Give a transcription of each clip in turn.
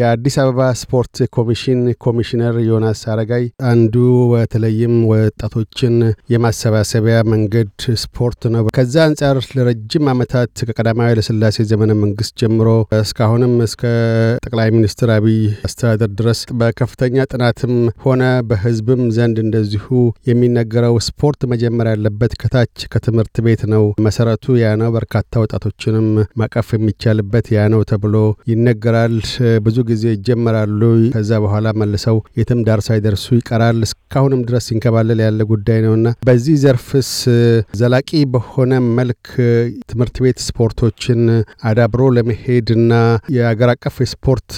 የአዲስ አበባ ስፖርት ኮሚሽን ኮሚሽነር ዮናስ አረጋይ፣ አንዱ በተለይም ወጣቶችን የማሰባሰቢያ መንገድ ስፖርት ነው። ከዛ አንጻር ለረጅም ዓመታት ከቀዳማዊ ኃይለሥላሴ ዘመነ መንግስት ጀምሮ እስካሁንም እስከ ጠቅላይ ሚኒስትር አብይ አስተዳደር ድረስ በከፍተኛ ጥናትም ሆነ በህዝብም ዘንድ እንደዚሁ የሚነገረው ስፖርት መጀመር ያለበት ከታች ከትምህርት ቤት ነው። መሰረቱ ያ ነው። በርካታ ወጣቶችንም ማቀፍ የሚቻልበት ያ ነው ተብሎ ይነገራል ብዙ ጊዜ ይጀመራሉ። ከዛ በኋላ መልሰው የትም ዳር ሳይደርሱ ይቀራል። እስካሁንም ድረስ ሲንከባለል ያለ ጉዳይ ነውና በዚህ ዘርፍስ ዘላቂ በሆነ መልክ ትምህርት ቤት ስፖርቶችን አዳብሮ ለመሄድና የአገር አቀፍ የስፖርት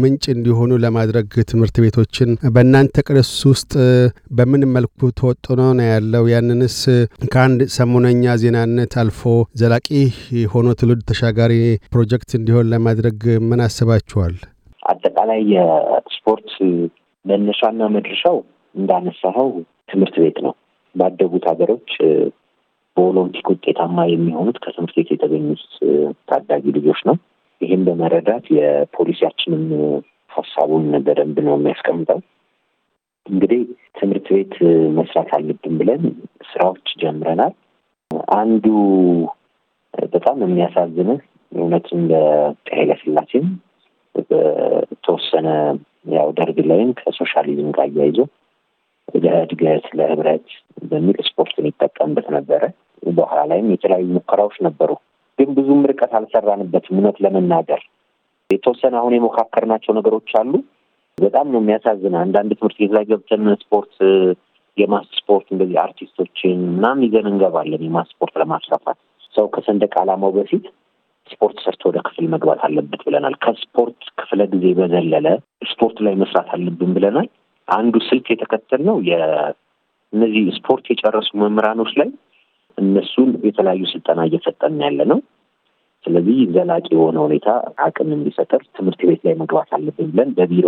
ምንጭ እንዲሆኑ ለማድረግ ትምህርት ቤቶችን በእናንተ ቅርስ ውስጥ በምን መልኩ ተወጥኖ ነው ያለው? ያንንስ ከአንድ ሰሞነኛ ዜናነት አልፎ ዘላቂ የሆኖ ትውልድ ተሻጋሪ ፕሮጀክት እንዲሆን ለማድረግ ምን አስባችኋል? አጠቃላይ የስፖርት መነሻና መድረሻው እንዳነሳኸው ትምህርት ቤት ነው። ባደጉት ሀገሮች በኦሎምፒክ ውጤታማ የሚሆኑት ከትምህርት ቤት የተገኙት ታዳጊ ልጆች ነው። ይህም በመረዳት የፖሊሲያችንን ሀሳቡን በደንብ ነው የሚያስቀምጠው። እንግዲህ ትምህርት ቤት መስራት አለብን ብለን ስራዎች ጀምረናል። አንዱ በጣም የሚያሳዝንህ እውነትም ለኃይለሥላሴም በተወሰነ ያው ደርግ ላይም ከሶሻሊዝም ጋር አያይዞ ለእድገት ለህብረት በሚል ስፖርትን ይጠቀምበት ነበረ። በኋላ ላይም የተለያዩ ሙከራዎች ነበሩ፣ ግን ብዙም ርቀት አልሰራንበትም። እውነት ለመናገር የተወሰነ አሁን የሞካከርናቸው ነገሮች አሉ። በጣም ነው የሚያሳዝን። አንዳንድ ትምህርት ቤት ላይ ገብተን ስፖርት የማስ ስፖርት እንደዚህ አርቲስቶችን ምናምን ይዘን እንገባለን። የማስ ስፖርት ለማስፋፋት ሰው ከሰንደቅ ዓላማው በፊት ስፖርት ሰርቶ ወደ ክፍል መግባት አለበት ብለናል። ከስፖርት ክፍለ ጊዜ በዘለለ ስፖርት ላይ መስራት አለብን ብለናል። አንዱ ስልት የተከተል ነው እነዚህ ስፖርት የጨረሱ መምህራኖች ላይ እነሱን የተለያዩ ስልጠና እየሰጠን ያለ ነው። ስለዚህ ዘላቂ የሆነ ሁኔታ አቅም እንዲፈጠር ትምህርት ቤት ላይ መግባት አለብን ብለን በቢሮ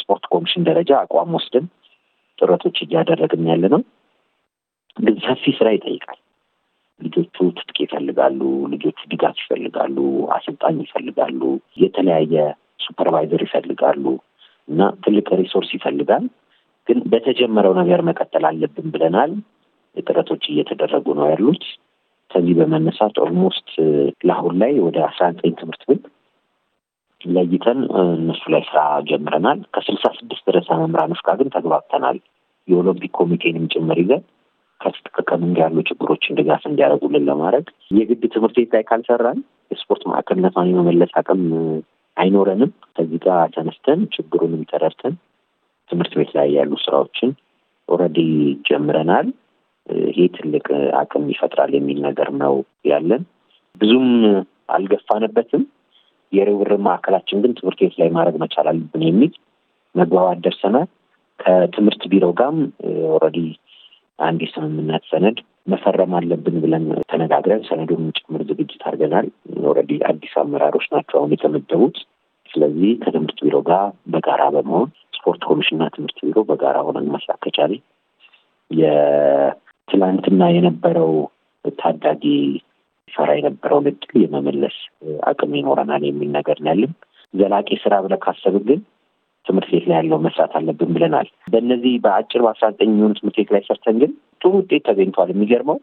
ስፖርት ኮሚሽን ደረጃ አቋም ወስደን ጥረቶች እያደረግን ያለ ነው። ግን ሰፊ ስራ ይጠይቃል። ልጆቹ ትጥቅ ይፈልጋሉ፣ ልጆቹ ድጋፍ ይፈልጋሉ፣ አሰልጣኝ ይፈልጋሉ፣ የተለያየ ሱፐርቫይዘር ይፈልጋሉ እና ትልቅ ሪሶርስ ይፈልጋል። ግን በተጀመረው ነገር መቀጠል አለብን ብለናል። ጥረቶች እየተደረጉ ነው ያሉት። ከዚህ በመነሳት ኦልሞስት ለአሁን ላይ ወደ አስራ ዘጠኝ ትምህርት ቤት ለይተን እነሱ ላይ ስራ ጀምረናል። ከስልሳ ስድስት ርዕሰ መምህራኖች ጋር ግን ተግባብተናል። የኦሎምፒክ ኮሚቴንም ጭምር ይዘን ከአስተጠቃቀም እንዲ ያሉ ችግሮች ድጋፍ እንዲያደርጉልን ለማድረግ የግድ ትምህርት ቤት ላይ ካልሰራን የስፖርት ማዕከልነቷን የመመለስ አቅም አይኖረንም። ከዚህ ጋር ተነስተን ችግሩንም ተረድተን ትምህርት ቤት ላይ ያሉ ስራዎችን ኦልሬዲ ጀምረናል። ይሄ ትልቅ አቅም ይፈጥራል የሚል ነገር ነው ያለን። ብዙም አልገፋንበትም። የርብርብ ማዕከላችን ግን ትምህርት ቤት ላይ ማድረግ መቻል አለብን የሚል መግባባት ደርሰናል። ከትምህርት ቢሮ ጋርም ኦልሬዲ አንድ የስምምነት ሰነድ መፈረም አለብን ብለን ተነጋግረን ሰነዱን ጭምር ዝግጅት አድርገናል። ኦልሬዲ አዲስ አመራሮች ናቸው አሁን የተመደቡት። ስለዚህ ከትምህርት ቢሮ ጋር በጋራ በመሆን ስፖርት ኮሚሽንና ትምህርት ቢሮ በጋራ ሆነን መስራት ከቻልን የትላንትና የነበረው ታዳጊ ፈራ የነበረውን እድል የመመለስ አቅም ይኖረናል የሚል ነገር ነው ያለን። ዘላቂ ስራ ብለህ ካሰብን ግን ትምህርት ቤት ላይ ያለው መስራት አለብን ብለናል። በእነዚህ በአጭር በአስራ ዘጠኝ የሚሆኑ ትምህርት ቤት ላይ ሰርተን ግን ጥሩ ውጤት ተገኝቷል። የሚገርመው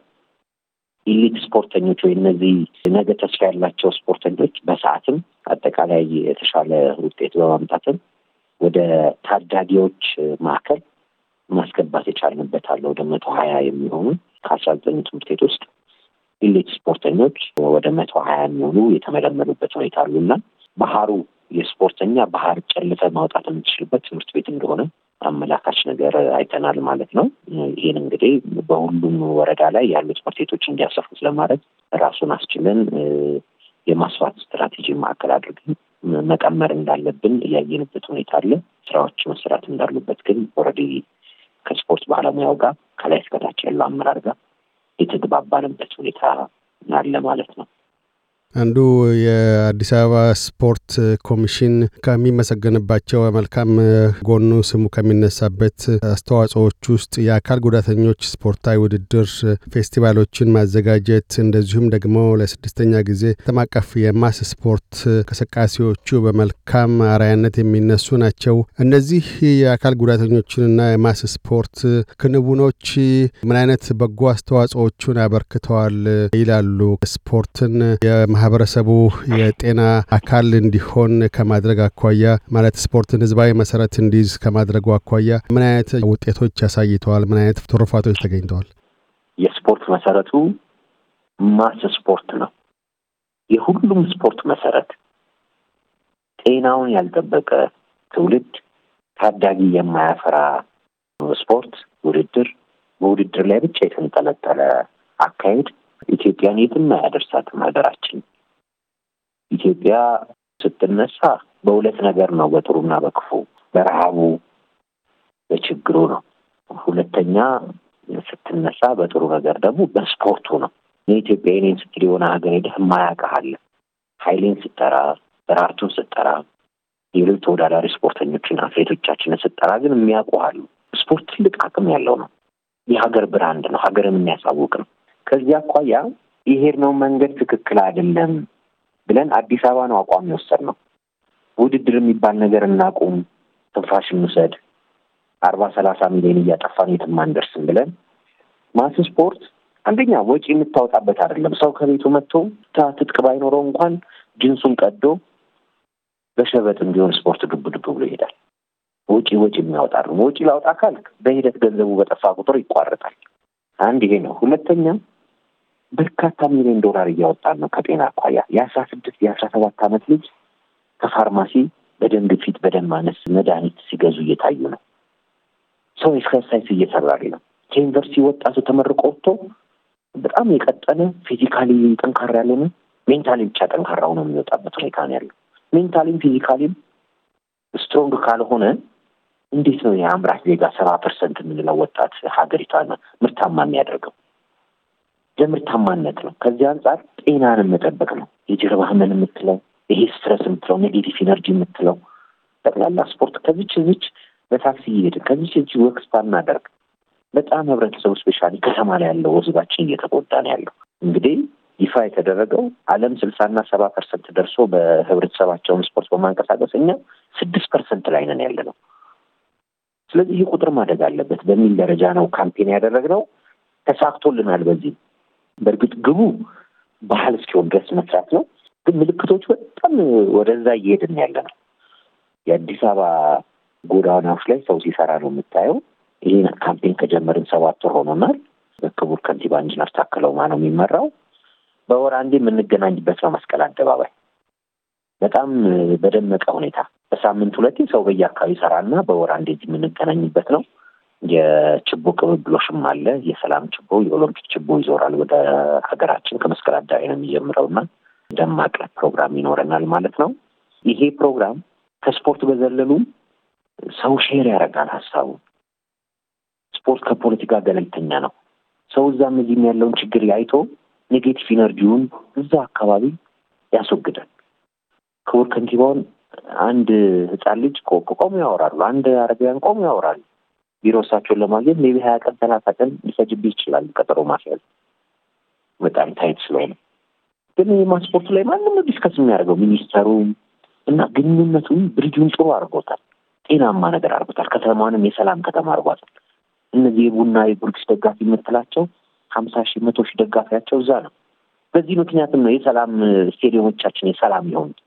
ኢሊት ስፖርተኞች ወይ እነዚህ ነገ ተስፋ ያላቸው ስፖርተኞች በሰዓትም አጠቃላይ የተሻለ ውጤት በማምጣትም ወደ ታዳጊዎች ማዕከል ማስገባት የቻልንበት አለ። ወደ መቶ ሀያ የሚሆኑ ከአስራ ዘጠኝ ትምህርት ቤት ውስጥ ኢሊት ስፖርተኞች ወደ መቶ ሀያ የሚሆኑ የተመለመሉበት ሁኔታ አሉና ባህሩ የስፖርተኛ ባህር ጨልፈ ማውጣት የምትችልበት ትምህርት ቤት እንደሆነ አመላካች ነገር አይተናል ማለት ነው። ይህን እንግዲህ በሁሉም ወረዳ ላይ ያሉ ትምህርት ቤቶች እንዲያሰፉት ለማድረግ ራሱን አስችለን የማስፋት ስትራቴጂ ማዕከል አድርገን መቀመር እንዳለብን እያየንበት ሁኔታ አለ። ስራዎች መሰራት እንዳሉበት ግን ኦልሬዲ ከስፖርት ባለሙያው ጋር ከላይ እስከታች ያለው አመራር ጋር የተግባባንበት ሁኔታ አለ ማለት ነው። አንዱ የአዲስ አበባ ስፖርት ኮሚሽን ከሚመሰገንባቸው መልካም ጎኑ ስሙ ከሚነሳበት አስተዋጽኦዎች ውስጥ የአካል ጉዳተኞች ስፖርታዊ ውድድር ፌስቲቫሎችን ማዘጋጀት እንደዚሁም ደግሞ ለስድስተኛ ጊዜ ተማቀፍ የማስ ስፖርት እንቅስቃሴዎቹ በመልካም አራያነት የሚነሱ ናቸው። እነዚህ የአካል ጉዳተኞችንና የማስ ስፖርት ክንውኖች ምን አይነት በጎ አስተዋጽዎቹን አበርክተዋል ይላሉ? ስፖርትን የማህ ማህበረሰቡ የጤና አካል እንዲሆን ከማድረግ አኳያ ማለት ስፖርትን ህዝባዊ መሰረት እንዲይዝ ከማድረጉ አኳያ ምን አይነት ውጤቶች ያሳይተዋል? ምን አይነት ትሩፋቶች ተገኝተዋል? የስፖርት መሰረቱ ማስ ስፖርት ነው። የሁሉም ስፖርት መሰረት ጤናውን ያልጠበቀ ትውልድ ታዳጊ የማያፈራ ስፖርት ውድድር በውድድር ላይ ብቻ የተንጠለጠለ አካሄድ ኢትዮጵያን የትም አያደርሳትም ሀገራችን ኢትዮጵያ ስትነሳ በሁለት ነገር ነው፣ በጥሩና በክፉ በረሃቡ በችግሩ ነው። ሁለተኛ ስትነሳ በጥሩ ነገር ደግሞ በስፖርቱ ነው። የኢትዮጵያ የኔን ስትል የሆነ ሀገር ሄደህ የማያውቅህ ኃይሌን ስጠራ፣ በራርቱን ስጠራ፣ ሌሎች ተወዳዳሪ ስፖርተኞችን አትሌቶቻችንን ስጠራ ግን የሚያውቁሃሉ። ስፖርት ትልቅ አቅም ያለው ነው። የሀገር ብራንድ ነው። ሀገርን የሚያሳውቅ ነው። ከዚህ አኳያ የሄድነው መንገድ ትክክል አይደለም ብለን አዲስ አበባ ነው አቋም የወሰድ ነው። ውድድር የሚባል ነገር እናቁም፣ ትንፋሽ እንውሰድ፣ አርባ ሰላሳ ሚሊዮን እያጠፋን የትም አንደርስም ብለን ማስ ስፖርት አንደኛ ወጪ የምታወጣበት አይደለም። ሰው ከቤቱ መጥቶ ትጥቅ ባይኖረው እንኳን ጅንሱን ቀዶ በሸበጥም ቢሆን ስፖርት ዱብ ዱብ ብሎ ይሄዳል። ወጪ ወጪ የሚያወጣ ወጪ ላውጣ አካል በሂደት ገንዘቡ በጠፋ ቁጥር ይቋረጣል። አንድ ይሄ ነው። ሁለተኛ በርካታ ሚሊዮን ዶላር እያወጣን ነው ከጤና አኳያ። የአስራ ስድስት የአስራ ሰባት ዓመት ልጅ ከፋርማሲ በደም ግፊት፣ በደም ማነስ መድኃኒት ሲገዙ እየታዩ ነው። ሰው ኤክሰርሳይዝ እየሰራሪ ነው። ከዩኒቨርሲቲ ወጣቱ ተመርቆ ወጥቶ በጣም የቀጠነ ፊዚካሊ ጠንካራ ያልሆነ ሜንታሊ ብቻ ጠንካራ ሆኖ የሚወጣበት ሁኔታ ነው ያለው። ሜንታሊም ፊዚካሊም ስትሮንግ ካልሆነ እንዴት ነው የአምራች ዜጋ ሰባ ፐርሰንት የምንለው ወጣት ሀገሪቷን ምርታማ የሚያደርገው? ለምርታማነት ነው። ከዚህ አንጻር ጤናን መጠበቅ ነው። የጀርባ ህመም የምትለው ይሄ ስትረስ የምትለው ኔጌቲቭ ኢነርጂ የምትለው ጠቅላላ ስፖርት ከዚች ዝች በታክሲ እየሄድ ከዚች እዚች ወቅስ እናደርግ። በጣም ህብረተሰቡ ስፔሻሊ ከተማ ላይ ያለው ወዝባችን እየተቆጣ ነው ያለው። እንግዲህ ይፋ የተደረገው ዓለም ስልሳና ሰባ ፐርሰንት ደርሶ በህብረተሰባቸውን ስፖርት በማንቀሳቀስ እኛ ስድስት ፐርሰንት ላይ ነን ያለ ነው። ስለዚህ ይህ ቁጥር ማደግ አለበት በሚል ደረጃ ነው ካምፔን ያደረግነው። ተሳክቶልናል በዚህ በእርግጥ ግቡ ባህል እስኪሆን ድረስ መስራት ነው። ግን ምልክቶቹ በጣም ወደዛ እየሄድን ያለ ነው። የአዲስ አበባ ጎዳናዎች ላይ ሰው ሲሰራ ነው የምታየው። ይህን ካምፔን ከጀመርን ሰባት ወር ሆኖናል። በክቡር ከንቲባ ኢንጂነር ታከለ ኡማ ነው የሚመራው። በወር አንዴ የምንገናኝበት ነው መስቀል አደባባይ በጣም በደመቀ ሁኔታ በሳምንት ሁለቴ ሰው በየአካባቢ ይሰራና በወር አንዴ የምንገናኝበት ነው። የችቦ ቅብብሎሽም አለ። የሰላም ችቦ፣ የኦሎምፒክ ችቦ ይዞራል ወደ ሀገራችን ከመስቀል አደባባይ ነው የሚጀምረውና ደማቅ ፕሮግራም ይኖረናል ማለት ነው። ይሄ ፕሮግራም ከስፖርት በዘለሉ ሰው ሼር ያደርጋል ሀሳቡ። ስፖርት ከፖለቲካ ገለልተኛ ነው። ሰው እዛም እዚህም ያለውን ችግር አይቶ ኔጌቲቭ ኢነርጂውን እዛ አካባቢ ያስወግዳል። ክቡር ከንቲባውን አንድ ህፃን ልጅ ቆሞ ያወራሉ፣ አንድ አረቢያን ቆሞ ያወራሉ። ቢሮ እሳቸውን ለማግኘት ሜቢ ሀያ ቀን ሰላሳ ቀን ሊፈጅብህ ይችላል ቀጠሮ ማስያዝ በጣም ታይት ስለሆነ። ግን የማስፖርቱ ላይ ማንም ዲስከስ የሚያደርገው ሚኒስተሩም እና ግንኙነቱም ብሪጁን ጥሩ አድርጎታል። ጤናማ ነገር አድርጎታል። ከተማንም የሰላም ከተማ አድርጓታል። እነዚህ የቡና የጊዮርጊስ ደጋፊ የምትላቸው ሀምሳ ሺህ መቶ ሺህ ደጋፊያቸው እዛ ነው። በዚህ ምክንያትም ነው የሰላም ስቴዲየሞቻችን የሰላም የሆኑት።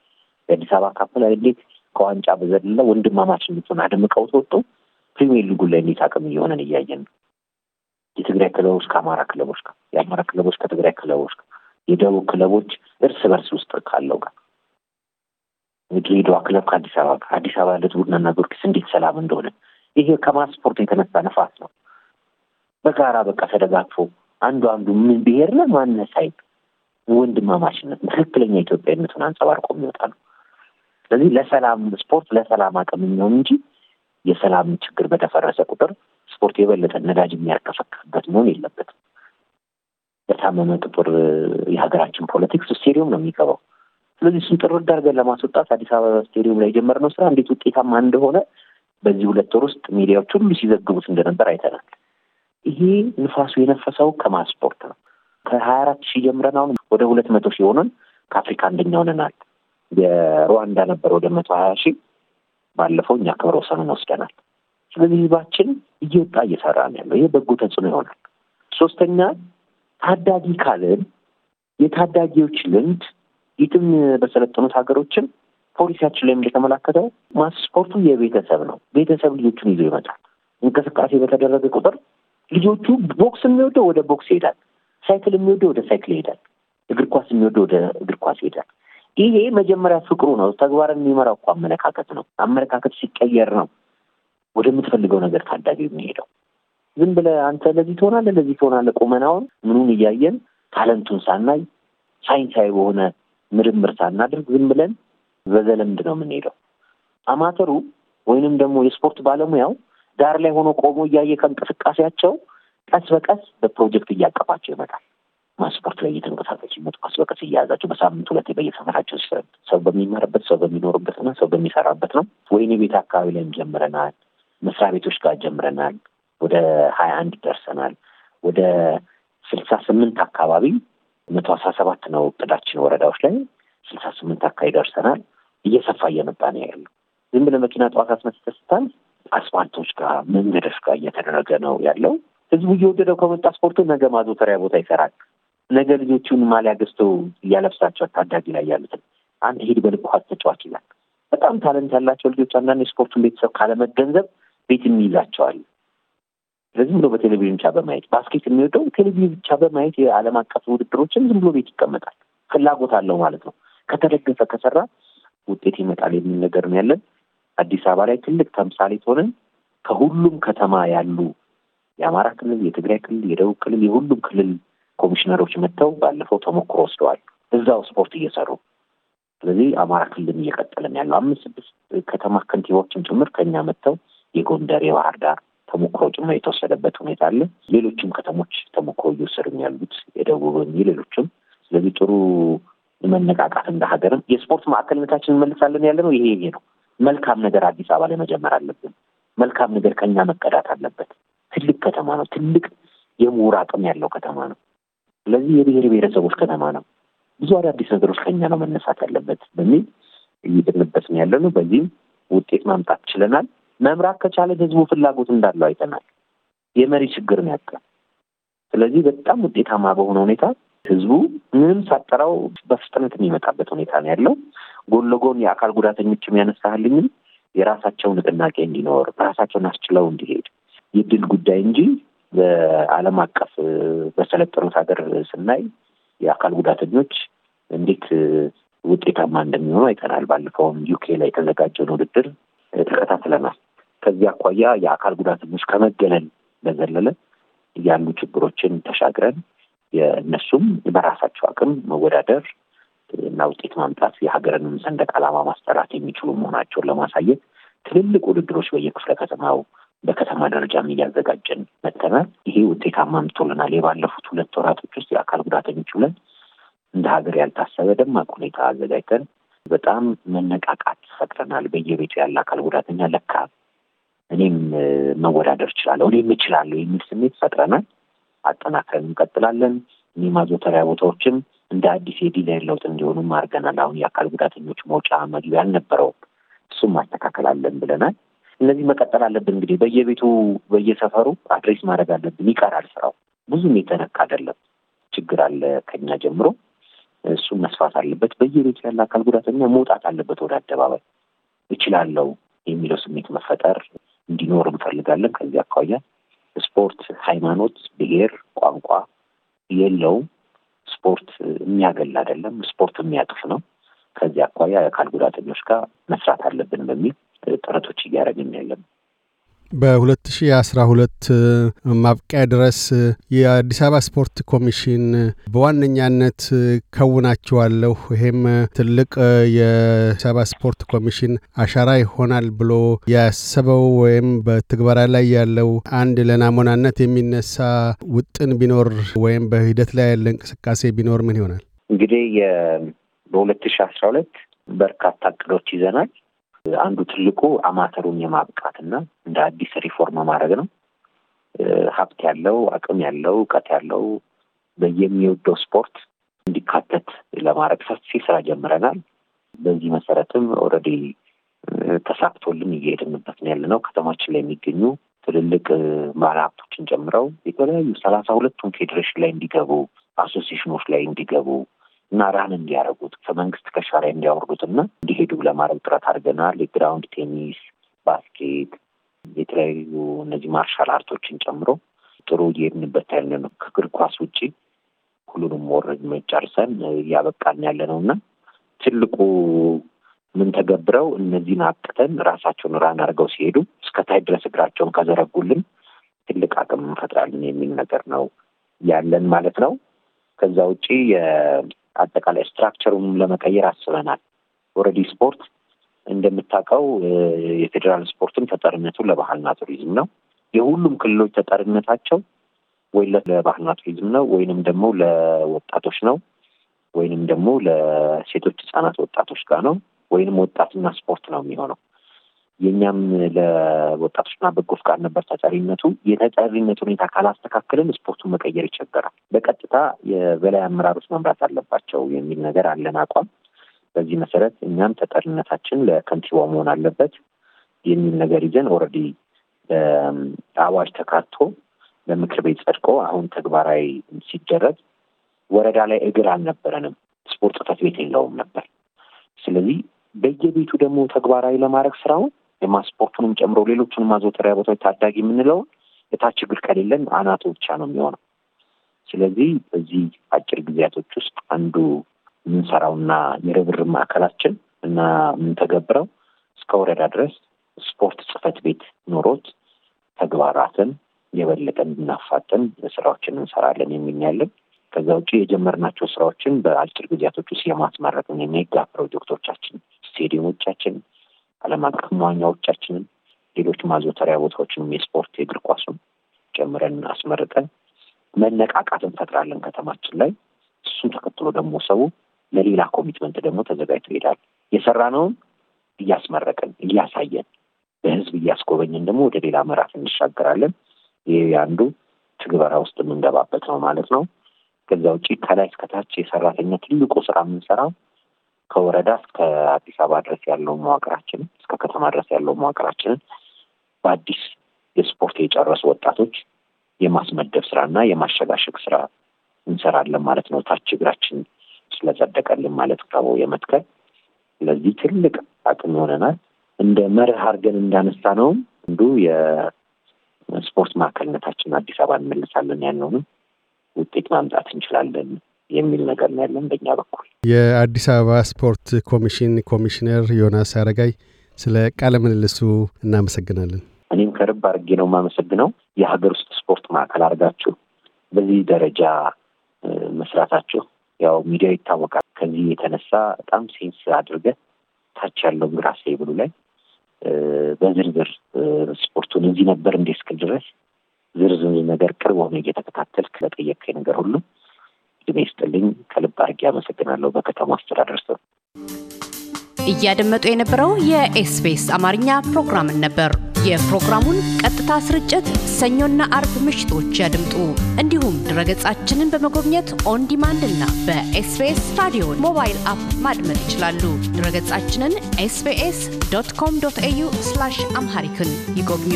የአዲስ አበባ ካፕላ ላይ እንዴት ከዋንጫ በዘለለ ወንድማማችነቱን አድምቀው ተወጡ። ፕሪሚየር ሊጉን ላይ እንዴት አቅም እየሆነን እያየን ነው። የትግራይ ክለቦች ከአማራ ክለቦች ጋር፣ የአማራ ክለቦች ከትግራይ ክለቦች ጋር፣ የደቡብ ክለቦች እርስ በርስ ውስጥ ካለው ጋር፣ የድሬዳዋ ክለብ ከአዲስ አበባ ጋር፣ አዲስ አበባ ያለት ቡድናና ጊዮርጊስ እንዴት ሰላም እንደሆነ ይሄ ከማስፖርት የተነሳ ነፋስ ነው። በጋራ በቃ ተደጋግፎ አንዱ አንዱ ምን ብሄር ነ ማነሳይ ወንድማማችነት ትክክለኛ ኢትዮጵያዊነቱን አንጸባርቆ የሚወጣ ነው። ስለዚህ ለሰላም ስፖርት ለሰላም አቅም የሚሆን እንጂ የሰላም ችግር በተፈረሰ ቁጥር ስፖርት የበለጠ ነዳጅ የሚያርከፈክፍበት መሆን የለበትም። በታመመ ቁጥር የሀገራችን ፖለቲክስ ስቴዲየም ነው የሚገባው። ስለዚህ እሱን ጥርት አድርገን ለማስወጣት አዲስ አበባ ስቴዲየም ላይ የጀመርነው ስራ እንዴት ውጤታማ እንደሆነ በዚህ ሁለት ወር ውስጥ ሚዲያዎች ሁሉ ሲዘግቡት እንደነበር አይተናል። ይሄ ንፋሱ የነፈሰው ከማስፖርት ነው። ከሀያ አራት ሺህ ጀምረን አሁን ወደ ሁለት መቶ ሺህ ሆነን ከአፍሪካ አንደኛ ሆነናል። የሩዋንዳ ነበር ወደ መቶ ሀያ ሺህ ባለፈው እኛ ክብረ ወሰኑን ወስደናል። ስለዚህ ህዝባችን እየወጣ እየሰራ ነው ያለው። ይህ በጎ ተጽዕኖ ይሆናል። ሶስተኛ ታዳጊ ካልን የታዳጊዎች ልምድ የትም በሰለጠኑት ሀገሮችም ፖሊሲያችን ላይ እንደተመላከተው ማስፖርቱ የቤተሰብ ነው። ቤተሰብ ልጆቹን ይዞ ይመጣል። እንቅስቃሴ በተደረገ ቁጥር ልጆቹ ቦክስ የሚወደው ወደ ቦክስ ይሄዳል። ሳይክል የሚወደው ወደ ሳይክል ይሄዳል። እግር ኳስ የሚወደው ወደ እግር ኳስ ይሄዳል። ይሄ መጀመሪያ ፍቅሩ ነው። ተግባርን የሚመራው እኮ አመለካከት ነው። አመለካከት ሲቀየር ነው ወደምትፈልገው ነገር ታዳጊ የሚሄደው። ዝም ብለህ አንተ ለዚህ ትሆናለህ፣ ለዚህ ትሆናለህ፣ ቁመናውን ምኑን እያየን ታለንቱን ሳናይ ሳይንሳዊ በሆነ ምርምር ሳናደርግ ዝም ብለን በዘለምድ ነው የምንሄደው። አማተሩ ወይንም ደግሞ የስፖርት ባለሙያው ዳር ላይ ሆኖ ቆሞ እያየ ከእንቅስቃሴያቸው ቀስ በቀስ በፕሮጀክት እያቀፋቸው ይመጣል። ትራንስፖርት ላይ እየተንቀሳቀሱ መጡ ቀስ በቀስ እያያዛቸው በሳምንት ሁለቴ በየሰፈራቸው ሰው በሚመርበት ሰው በሚኖርበት እና ሰው በሚሰራበት ነው። ወይኔ ቤት አካባቢ ላይም ጀምረናል። መስሪያ ቤቶች ጋር ጀምረናል። ወደ ሀያ አንድ ደርሰናል። ወደ ስልሳ ስምንት አካባቢ መቶ አስራ ሰባት ነው እቅዳችን ወረዳዎች ላይ ስልሳ ስምንት አካባቢ ደርሰናል። እየሰፋ እየመጣ ነው ያለው። ዝም ብለህ መኪና ጠዋት አስመትተህ ስታልፍ አስፋልቶች ጋር መንገዶች ጋር እየተደረገ ነው ያለው። ህዝቡ እየወደደው ከመጣ ስፖርቱ ነገ ማዘውተሪያ ቦታ ይሰራል። ነገ ልጆቹን ማሊያ ገዝቶ እያለብሳቸው ታዳጊ ላይ ያሉትን አንድ ሂድ በልብ ኳስ ተጫዋች ይላል። በጣም ታለንት ያላቸው ልጆች አንዳንድ የስፖርቱን ቤተሰብ ካለመገንዘብ ቤት የሚይዛቸዋል። ስለዚህ ብሎ በቴሌቪዥን ብቻ በማየት ባስኬት የሚወደው ቴሌቪዥን ብቻ በማየት የዓለም አቀፍ ውድድሮችን ዝም ብሎ ቤት ይቀመጣል። ፍላጎት አለው ማለት ነው። ከተደገፈ ከሰራ ውጤት ይመጣል የሚል ነገር ነው ያለን። አዲስ አበባ ላይ ትልቅ ተምሳሌት ሆነን ከሁሉም ከተማ ያሉ የአማራ ክልል፣ የትግራይ ክልል፣ የደቡብ ክልል የሁሉም ክልል ኮሚሽነሮች መጥተው ባለፈው ተሞክሮ ወስደዋል። እዛው ስፖርት እየሰሩ ስለዚህ አማራ ክልልም እየቀጠለም ያለው አምስት ስድስት ከተማ ከንቲባዎችም ጭምር ከኛ መጥተው የጎንደር የባህር ዳር ተሞክሮ ጭምር የተወሰደበት ሁኔታ አለ። ሌሎችም ከተሞች ተሞክሮ እየወሰዱ ያሉት የደቡብም የሌሎችም። ስለዚህ ጥሩ መነቃቃት እንደ ሀገርም የስፖርት ማዕከልነታችን እንመልሳለን ያለ ነው። ይሄ ይሄ ነው። መልካም ነገር አዲስ አበባ ላይ መጀመር አለብን። መልካም ነገር ከኛ መቀዳት አለበት። ትልቅ ከተማ ነው። ትልቅ የምሁር አቅም ያለው ከተማ ነው። ስለዚህ የብሔር ብሔረሰቦች ከተማ ነው። ብዙ አዳዲስ ነገሮች ከኛ ነው መነሳት ያለበት በሚል እየገንበት ነው ያለ ነው። በዚህም ውጤት ማምጣት ችለናል። መምራት ከቻለ ህዝቡ ፍላጎት እንዳለው አይተናል። የመሪ ችግር ነው ያቀ ስለዚህ በጣም ውጤታማ በሆነ ሁኔታ ህዝቡ ምንም ሳጠራው በፍጥነት የሚመጣበት ሁኔታ ነው ያለው። ጎን ለጎን የአካል ጉዳተኞች የሚያነሳህልኝም የራሳቸው ንቅናቄ እንዲኖር ራሳቸውን አስችለው እንዲሄድ የድል ጉዳይ እንጂ በዓለም አቀፍ በሰለጠኑት ሀገር ስናይ የአካል ጉዳተኞች እንዴት ውጤታማ እንደሚሆኑ አይተናል። ባለፈውም ዩኬ ላይ የተዘጋጀውን ውድድር ተከታትለናል። ከዚህ አኳያ የአካል ጉዳተኞች ከመገለል በዘለለ ያሉ ችግሮችን ተሻግረን የእነሱም በራሳቸው አቅም መወዳደር እና ውጤት ማምጣት የሀገርንም ሰንደቅ ዓላማ ማስጠራት የሚችሉ መሆናቸውን ለማሳየት ትልልቅ ውድድሮች በየክፍለ ከተማው በከተማ ደረጃም እያዘጋጀን መጠናል። ይሄ ውጤታማ አምጥቶልናል። የባለፉት ሁለት ወራቶች ውስጥ የአካል ጉዳተኞች ብለን እንደ ሀገር ያልታሰበ ደማቅ ሁኔታ አዘጋጅተን በጣም መነቃቃት ፈጥረናል። በየቤቱ ያለ አካል ጉዳተኛ ለካ እኔም መወዳደር እችላለሁ፣ እኔም እችላለሁ የሚል ስሜት ፈጥረናል። አጠናክረን እንቀጥላለን። እኔ ማዘውተሪያ ቦታዎችም እንደ አዲስ የዲዛይን ለውጥ እንዲሆኑም አድርገናል። አሁን የአካል ጉዳተኞች መውጫ መግቢያ አልነበረውም። እሱም ማስተካከል አለን ብለናል። እነዚህ መቀጠል አለብን። እንግዲህ በየቤቱ በየሰፈሩ አድሬስ ማድረግ አለብን። ይቀራል ስራው ብዙም የተነካ አይደለም። ችግር አለ ከኛ ጀምሮ እሱ መስፋት አለበት። በየቤቱ ያለ አካል ጉዳተኛ መውጣት አለበት ወደ አደባባይ እችላለው የሚለው ስሜት መፈጠር እንዲኖር እንፈልጋለን። ከዚህ አኳያ ስፖርት ሃይማኖት፣ ብሔር፣ ቋንቋ የለውም። ስፖርት የሚያገል አይደለም። ስፖርት የሚያጥፍ ነው። ከዚህ አኳያ የአካል ጉዳተኞች ጋር መስራት አለብን በሚል ጥረቶች እያደረግን ያለነው። በ2012 ማብቂያ ድረስ የአዲስ አበባ ስፖርት ኮሚሽን በዋነኛነት ከውናቸዋለሁ ይሄም ትልቅ የአዲስ አበባ ስፖርት ኮሚሽን አሻራ ይሆናል ብሎ ያሰበው ወይም በትግበራ ላይ ያለው አንድ ለናሙናነት የሚነሳ ውጥን ቢኖር ወይም በሂደት ላይ ያለ እንቅስቃሴ ቢኖር ምን ይሆናል? እንግዲህ በ2012 በርካታ እቅዶች ይዘናል። አንዱ ትልቁ አማተሩን የማብቃትና እንደ አዲስ ሪፎርም ማድረግ ነው። ሀብት ያለው አቅም ያለው እውቀት ያለው በየሚወደው ስፖርት እንዲካተት ለማድረግ ሰፊ ስራ ጀምረናል። በዚህ መሰረትም ኦልሬዲ ተሳክቶልን እየሄድንበት ነው ያለ ነው። ከተማችን ላይ የሚገኙ ትልልቅ ባለሀብቶችን ጨምረው የተለያዩ ሰላሳ ሁለቱን ፌዴሬሽን ላይ እንዲገቡ አሶሲሽኖች ላይ እንዲገቡ እና ራን እንዲያደርጉት ከመንግስት ከሻሪያ እንዲያወርዱት እና እንዲሄዱ ለማድረግ ጥረት አድርገናል። የግራውንድ ቴኒስ፣ ባስኬት፣ የተለያዩ እነዚህ ማርሻል አርቶችን ጨምሮ ጥሩ እየሄድንበት ያለ ነው። ከእግር ኳስ ውጭ ሁሉንም ወረድ መጨርሰን እያበቃን ያለ ነው እና ትልቁ ምን ተገብረው እነዚህን አቅተን ራሳቸውን ራን አድርገው ሲሄዱ ታይ ድረስ እግራቸውን ከዘረጉልን ትልቅ አቅም እንፈጥራለን የሚል ነገር ነው ያለን ማለት ነው። ከዛ ውጪ አጠቃላይ ስትራክቸሩን ለመቀየር አስበናል። ኦልሬዲ ስፖርት እንደምታውቀው የፌዴራል ስፖርትም ተጠሪነቱ ለባህልና ቱሪዝም ነው። የሁሉም ክልሎች ተጠሪነታቸው ወይ ለባህልና ቱሪዝም ነው ወይንም ደግሞ ለወጣቶች ነው ወይንም ደግሞ ለሴቶች ህጻናት፣ ወጣቶች ጋር ነው ወይንም ወጣትና ስፖርት ነው የሚሆነው። የእኛም ለወጣቶችና በጎ ፍቃድ ነበር ተጠሪነቱ። የተጠሪነት ሁኔታ ካላስተካከልን ስፖርቱን መቀየር ይቸገራል። በቀጥታ የበላይ አመራሮች መምራት አለባቸው የሚል ነገር አለን አቋም። በዚህ መሰረት እኛም ተጠሪነታችን ለከንቲባው መሆን አለበት የሚል ነገር ይዘን ኦልሬዲ አዋጅ ተካቶ በምክር ቤት ጸድቆ አሁን ተግባራዊ ሲደረግ ወረዳ ላይ እግር አልነበረንም። ስፖርት ጽሕፈት ቤት የለውም ነበር። ስለዚህ በየቤቱ ደግሞ ተግባራዊ ለማድረግ ስራውን የማስፖርቱንም ጨምሮ ሌሎቹን ማዘውተሪያ ቦታዎች ታዳጊ የምንለውን የታች እግር ከሌለን አናቶ ብቻ ነው የሚሆነው። ስለዚህ በዚህ አጭር ጊዜያቶች ውስጥ አንዱ የምንሰራውና የርብር ማዕከላችን እና የምንተገብረው እስከ ወረዳ ድረስ ስፖርት ጽሕፈት ቤት ኖሮት ተግባራትን የበለጠ እንድናፋጥን ስራዎችን እንሰራለን የሚኛለን። ከዛ ውጭ የጀመርናቸው ስራዎችን በአጭር ጊዜያቶች ውስጥ የማስመረቅ የሜጋ ፕሮጀክቶቻችን ስቴዲየሞቻችን ዓለም አቀፍ መዋኛዎቻችንን፣ ሌሎች ማዘውተሪያ ቦታዎችንም የስፖርት የእግር ኳሱን ጨምረን አስመርቀን መነቃቃት እንፈጥራለን ከተማችን ላይ። እሱን ተከትሎ ደግሞ ሰው ለሌላ ኮሚትመንት ደግሞ ተዘጋጅቶ ይሄዳል። ነውም እያስመረቅን እያሳየን በህዝብ እያስጎበኘን ደግሞ ወደ ሌላ ምዕራፍ እንሻገራለን። ይህ የአንዱ ትግበራ ውስጥ የምንገባበት ነው ማለት ነው። ከዛ ውጭ ከላይ እስከታች የሰራተኛ ትልቁ ስራ የምንሰራው ከወረዳ እስከ አዲስ አበባ ድረስ ያለው መዋቅራችን እስከ ከተማ ድረስ ያለው መዋቅራችንን በአዲስ የስፖርት የጨረሱ ወጣቶች የማስመደብ ስራና የማሸጋሸግ ስራ እንሰራለን ማለት ነው። ታች እግራችን ስለጸደቀልን ማለት ቀበው የመትከል ስለዚህ ትልቅ አቅም ይሆነናል። እንደ መርህ አድርገን እንዳነሳ ነውም አንዱ የስፖርት ማዕከልነታችን አዲስ አበባ እንመልሳለን ያለውንም ውጤት ማምጣት እንችላለን የሚል ነገር ነው ያለን በእኛ በኩል። የአዲስ አበባ ስፖርት ኮሚሽን ኮሚሽነር ዮናስ አረጋይ ስለ ቃለ ምልልሱ እናመሰግናለን። እኔም ከርብ አድርጌ ነው የማመሰግነው። የሀገር ውስጥ ስፖርት ማዕከል አድርጋችሁ በዚህ ደረጃ መስራታችሁ ያው ሚዲያ ይታወቃል። ከዚህ የተነሳ በጣም ሴንስ አድርገ ታች ያለውን ግራሴ ብሉ ላይ በዝርዝር ስፖርቱን እዚህ ነበር እንዴ እስክል ድረስ ዝርዝር ነገር ቅርብ ሆነ እየተከታተልክ ለጠየቀኝ ነገር ሁሉም እድሜ ይስጥልኝ። ከልብ አድርጌ አመሰግናለሁ። በከተማ አስተዳደር ስር እያደመጡ የነበረው የኤስቢኤስ አማርኛ ፕሮግራምን ነበር። የፕሮግራሙን ቀጥታ ስርጭት ሰኞና አርብ ምሽቶች ያድምጡ። እንዲሁም ድረገጻችንን በመጎብኘት ኦን ዲማንድ እና በኤስቢኤስ ራዲዮ ሞባይል አፕ ማድመጥ ይችላሉ። ድረገጻችንን ኤስቤስ ዶት ኮም ኤዩ አምሃሪክን ይጎብኙ።